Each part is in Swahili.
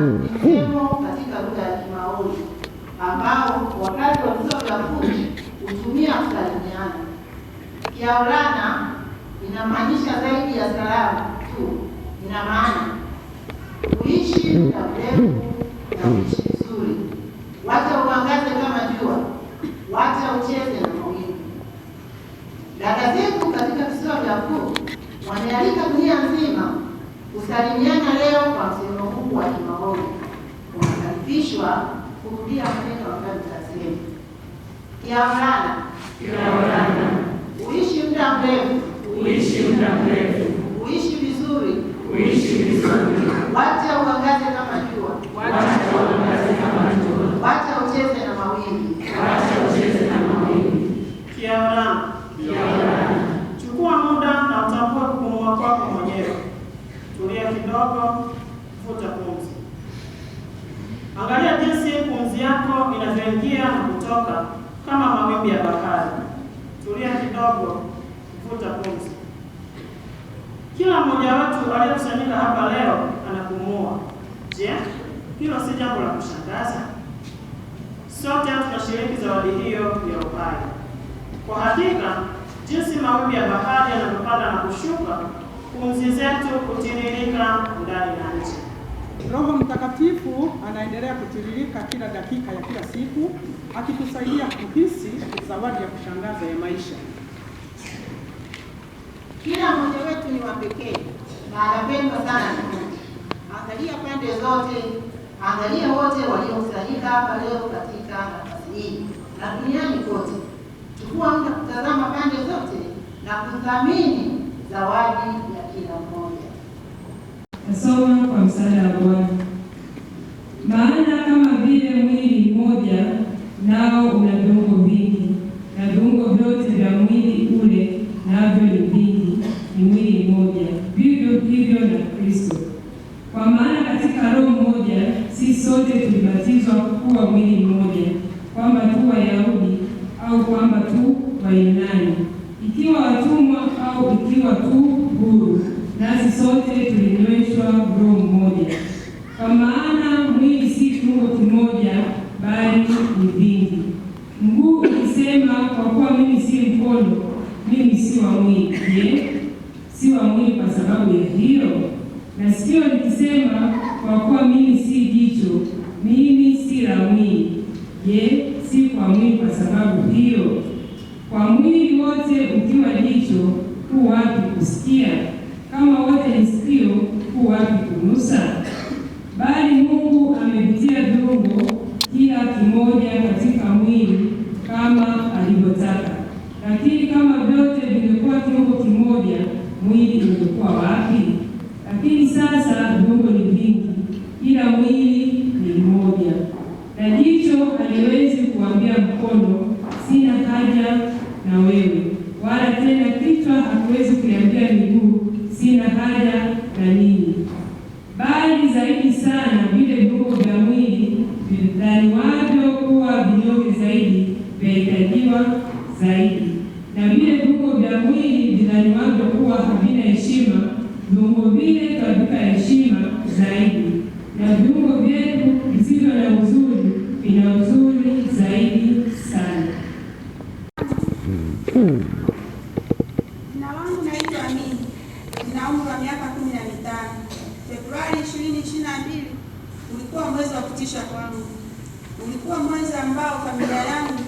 msemo katika lugha ya Kimaori ambao wakati wa visa vya fujo hutumia kusalimiana. Kiaulana inamaanisha zaidi ya salamu tu, ina maana kuishi muda mrefu na kuishi vizuri. Wacha uangaze kama jua, wacha ucheze na mawingu. Dada zetu katika visiwa vya Cook wanaalika Kusalimiana leo kwa msemo huu wa kimaombi unakaribishwa kurudia maneno ya nitasema. Kiamrana, kiamrana. Uishi muda mrefu, uishi muda mrefu. Uishi vizuri, uishi vizuri. Wacha uangaze kama jua, wacha uangaze kama jua. Wacha ucheze na mawingu, wacha ucheze na mawingu. Kiamrana, kiamrana. Chukua muda na utambue kupumua kwako mwenyewe. Tulia kidogo, vuta pumzi, angalia jinsi pumzi yako inavyoingia na kutoka kama mawimbi ya bahari. Tulia kidogo, vuta pumzi. Kila mmoja wetu aliyekusanyika hapa leo anapumua. Je, hilo si jambo la kushangaza? Sote tunashiriki zawadi hiyo ya uhai. Kwa hakika, jinsi mawimbi ya bahari yanapopanda na kushuka pumzi zetu kutiririka ndani ya nchi. Roho Mtakatifu anaendelea kutiririka kila dakika ya kila siku akitusaidia kuhisi zawadi ya kushangaza ya maisha. Kila mmoja wetu ni wa pekee na anapendwa sana na Mungu. Angalia pande zote, angalia wote waliokusanyika hapa leo katika nafasi hii na duniani kote. Chukua muda kutazama pande zote na kuthamini zawadi ya kila mmoja. Nasoma kwa msaada wa Bwana. Maana kama vile mwili mmoja nao una viungo vingi, na viungo vyote vya mwili ule navyo ni vingi, ni mwili mmoja, vivyo hivyo na Kristo. Kwa maana katika roho mmoja si sote tulibatizwa kuwa mwili mmoja, kwamba tu Wayahudi au kwamba tu Wayunani, ikiwa watumwa au ikiwa tu huru, nasi sote tulinyweshwa roho mmoja, kwa maana mwili si kiungo kimoja, bali ni vingi. Mguu ukisema kwa kuwa mimi si mkono, mimi si wa mwili, je, si wa mwili kwa sababu ya hiyo? Na sikio nikisema kwa kuwa mimi si jicho, mimi si la mwili, je, si kwa mwili kwa sababu hiyo? Kwa mwili wote ukiwa jicho ku wapi kusikia? Kama wote ni sikio, ku wapi kunusa? Bali Mungu amevitia viungo kila kimoja katika mwili kama alivyotaka. Lakini kama vyote vingekuwa kiungo kimoja, mwili ungekuwa wapi? Lakini sasa viungo ni vingi, kila na kuwa vinyonge zaidi vyahitajika zaidi, na vile viungo vya mwili vinaniwavyo kuwa havina heshima, viungo vile katika heshima zaidi, na viungo vyetu visivyo na uzuri vina uzuri zaidi sana. Februari ishirini ulikuwa mwezi wa kutisha kwangu ulikuwa mwezi ambao familia yangu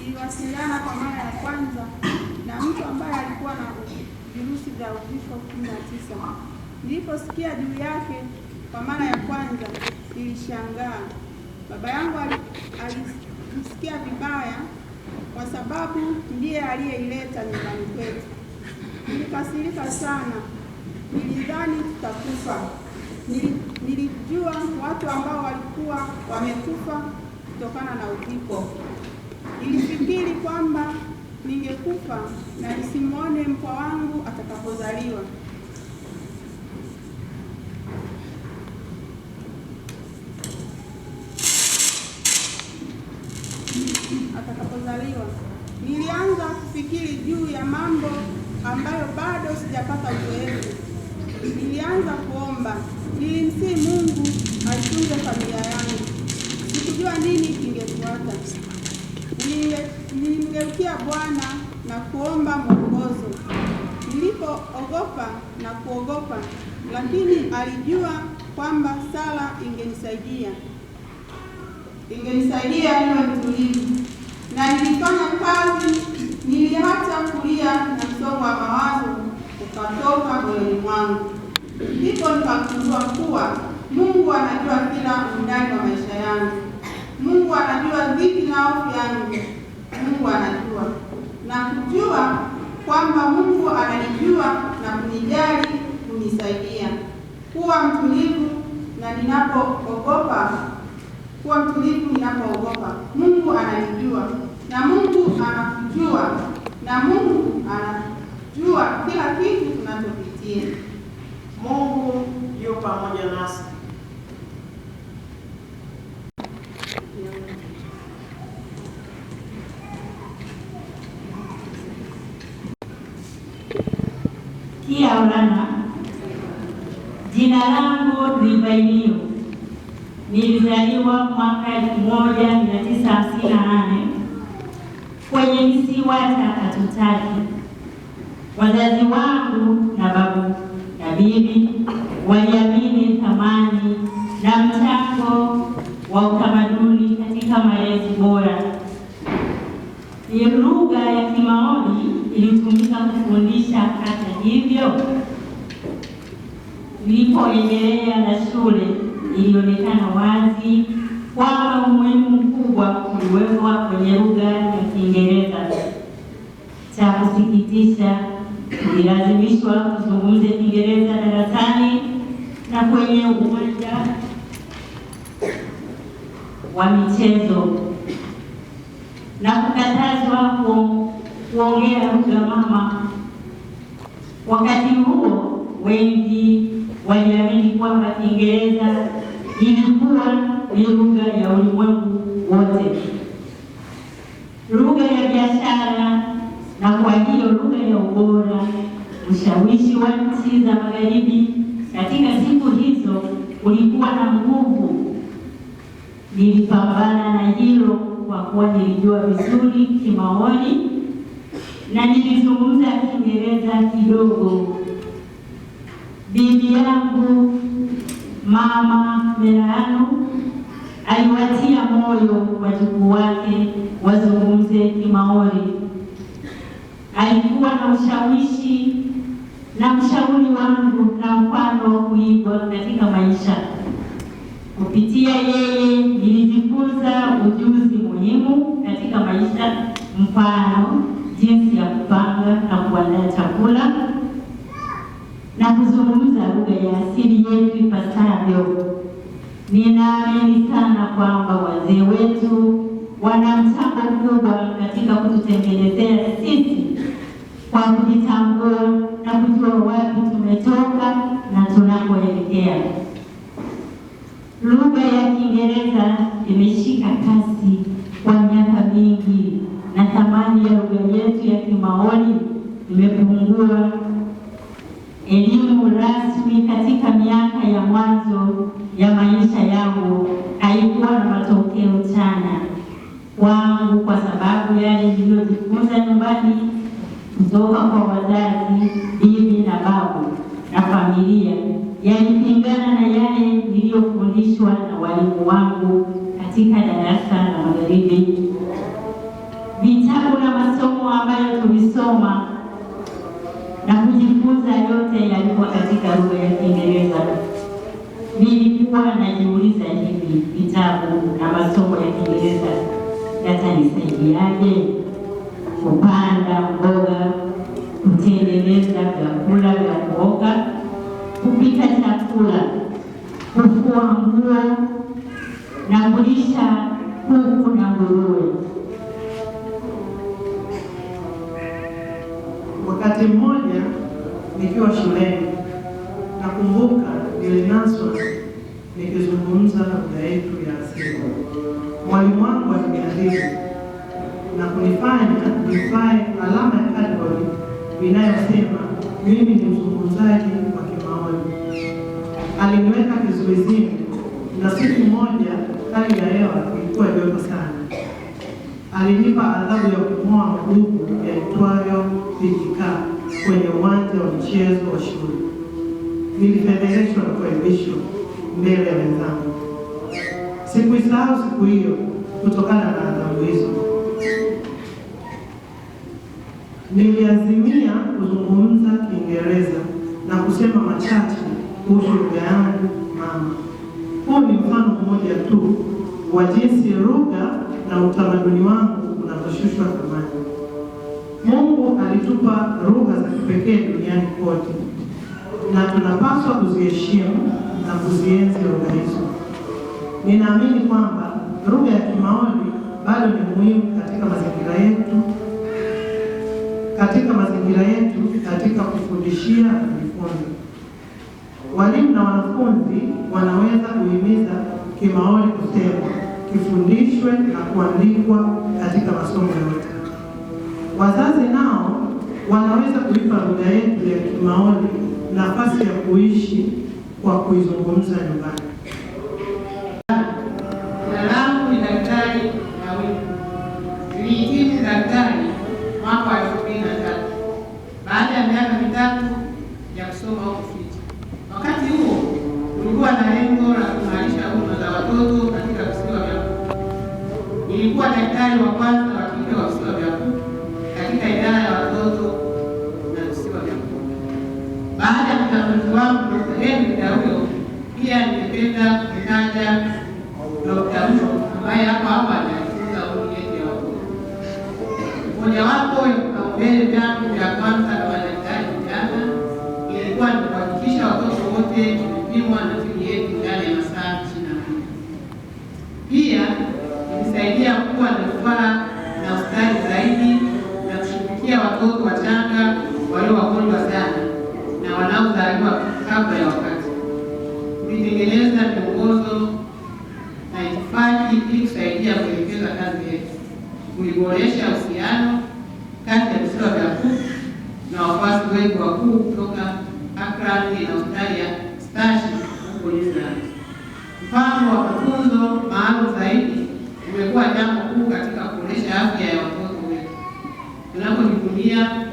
iliwasiliana kwa mara ya kwanza na mtu ambaye alikuwa na virusi vya uviko kumi na tisa. Niliposikia juu yake kwa mara ya kwanza nilishangaa. Baba yangu ali, vibaya, kwa sababu ndiye aliyeileta nyumbani kwetu. Nilikasirika sana, nilidhani tutakufa. Nilijua watu ambao walikuwa wamekufa kutokana na uviko. Nilifikiri kwamba ningekufa na nisimwone mkwa wangu atakapozaliwa. atakapozaliwa nilianza kufikiri juu ya mambo ambayo bado sijapata uzoefu. Nilianza kuomba, nilimsihi Mungu aitunze familia yangu nini kingefuata? Nilimgeukia Bwana na kuomba mwongozo. Nilipoogopa na kuogopa, lakini alijua kwamba sala ingenisaidia ingenisaidia niwe mtulivu, na nilifanya kazi, nilihata kulia na msongo wa mawazo ukatoka moyoni mwangu. Ndipo nikagundua kuwa Mungu anajua kila undani wa maisha yangu. Mungu anajua dhiki na hofu yangu, Mungu anajua na kujua kwamba Mungu ananijua na kunijali, kunisaidia kuwa mtulivu na ninapoogopa, kuwa mtulivu ninapoogopa. Mungu ananijua na Mungu anakujua na Mungu anajua kila kitu tunachopitia. Mungu yupo pamoja nasi. Kaurana, jina langu ni Vainio. Nilizaliwa mwaka 1958 kwenye kisiwa cha Katutaki. Wazazi wangu na babu na bibi waliamini thamani na mchango wa utamaduni katika malezi bora. Ni lugha ya Kimaoni ilitumika kufundisha hata hivyo, ilipoendelea na shule ilionekana wazi kwamba umuhimu mkubwa uliwekwa kwenye lugha ya Kiingereza. Cha kusikitisha, ililazimishwa kuzungumza Kiingereza darasani na kwenye uwanja wa michezo na kukatazwa kuongea za mama. Wakati huo wengi waliamini kwamba Kiingereza ilikuwa ni lugha ya ulimwengu wote, lugha ya biashara, na kwa hiyo lugha ya ubora. Ushawishi wa nchi za magharibi katika siku hizo ulikuwa na nguvu. Nilipambana na hilo kwa kuwa nilijua vizuri kimaoni na nilizungumza Kiingereza kidogo. Bibi yangu Mama Merano aliwatia moyo wajukuu wake wazungumze Kimaori. Alikuwa na ushawishi na mshauri wangu na mfano wa kuigwa katika maisha. Kupitia yeye nilijifunza ujuzi muhimu katika maisha, mfano jinsi ya kupanga na kuandaa chakula na kuzungumza lugha ya asili yetu ipasavyo. Ninaamini sana kwamba wazee wetu wana mchango mkubwa katika kututengenezea sisi kwa kujitambua na kujua wapi tumetoka na tunakoelekea. Lugha ya Kiingereza imeshika kasi thamani ya lugha yetu ya Kimaoni imepungua. Elimu rasmi katika miaka ya mwanzo ya maisha yangu haikuwa na matokeo chana kwangu, kwa sababu yale niliyojifunza nyumbani kutoka kwa wazazi, bibi na babu na familia yalipingana na yale niliyofundishwa na walimu wangu katika darasa la magharibi vitabu na masomo ambayo tulisoma na kujifunza, yote yalikuwa katika lugha ya Kiingereza. Nilikuwa najiuliza hivi, vitabu na masomo ya Kiingereza yatanisaidiaje kupanda mboga, kutengeneza vyakula vya kuoka, kupika chakula, kufua nguo na kulisha kuku na nguruwe. shuleni, nakumbuka nilinaswa nikizungumza lugha yetu ya asili. Mwalimu wangu alijaribu na kunifanya nifae alama ya kadibodi inayosema mimi ni mzungumzaji wa kimaoni. Aliniweka kizuizini, na siku moja hali ya hewa ilikuwa joto sana. Alinipa adhabu ya kumoa magugu yaitwayo uwanja wa mchezo wa shule. Nilifedheheshwa na kuaibishwa mbele ya wenzangu. Sikuisahau siku hiyo kutokana na adhabu hizo. Niliazimia kuzungumza Kiingereza na kusema machache kuhusu lugha yangu mama. Huu ni mfano mmoja tu wa jinsi lugha na utamaduni wangu unavyoshushwa thamani. Mungu alitupa lugha kipekee duniani kote, na tunapaswa kuziheshimu na kuzienzi lugha hizo. Ninaamini kwamba lugha ya Kimaoni bado ni muhimu katika mazingira yetu katika mazingira yetu katika kufundishia na kujifunza. Walimu na wanafunzi wanaweza kuhimiza Kimaoni kusemwa, kifundishwe na kuandikwa katika masomo yote. Wazazi na tunaweza kuipa lugha yetu ya Kimaoni nafasi ya kuishi kwa kuizungumza nyumbani. within them kutoka Akran na Stashi huko New Zealand. wa mafunzo maalum zaidi umekuwa jambo kuu katika kuonesha afya ya watoto wetu tunapojivunia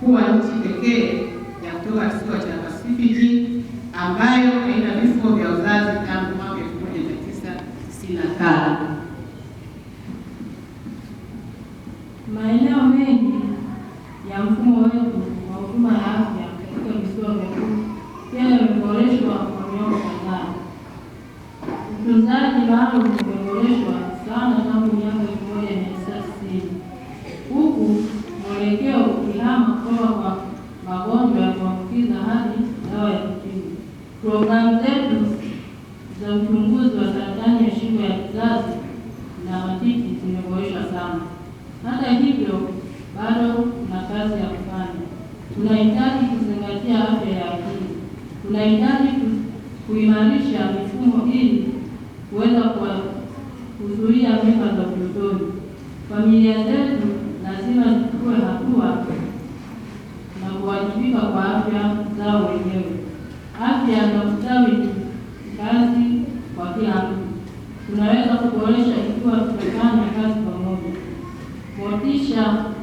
kuwa nchi pekee ya kutoka kisiwa cha Pasifiki ambayo haina vifo vya uzazi tangu mwaka 1965. Maeneo mengi ya mfumo wetu huduma ya afya katika visiwa vya Cook pia yameboreshwa kwa miongo kadhaa. Utunzaji maalum umeboreshwa sana tangu miaka elfu moja mia tisa sitini huku mwelekeo ukihama kutoka kwa magonjwa ya kuambukiza hadi dawa ya kutibu. Programu zetu za uchunguzi wa saratani ya shingo ya kizazi na matiti zimeboreshwa sana. Hata hivyo bado kuna kazi ya kufanya. Tunahitaji kuzingatia afya ya akili, tunahitaji kuimarisha mifumo ili kuweza kuzuia mimba za utotoni. Familia zetu lazima zichukue hatua na kuwajibika kwa afya zao wenyewe. Afya na ustawi ni kazi kwa kila mtu, tunaweza kuboresha ikiwa tutafanya kazi pamoja. Motisha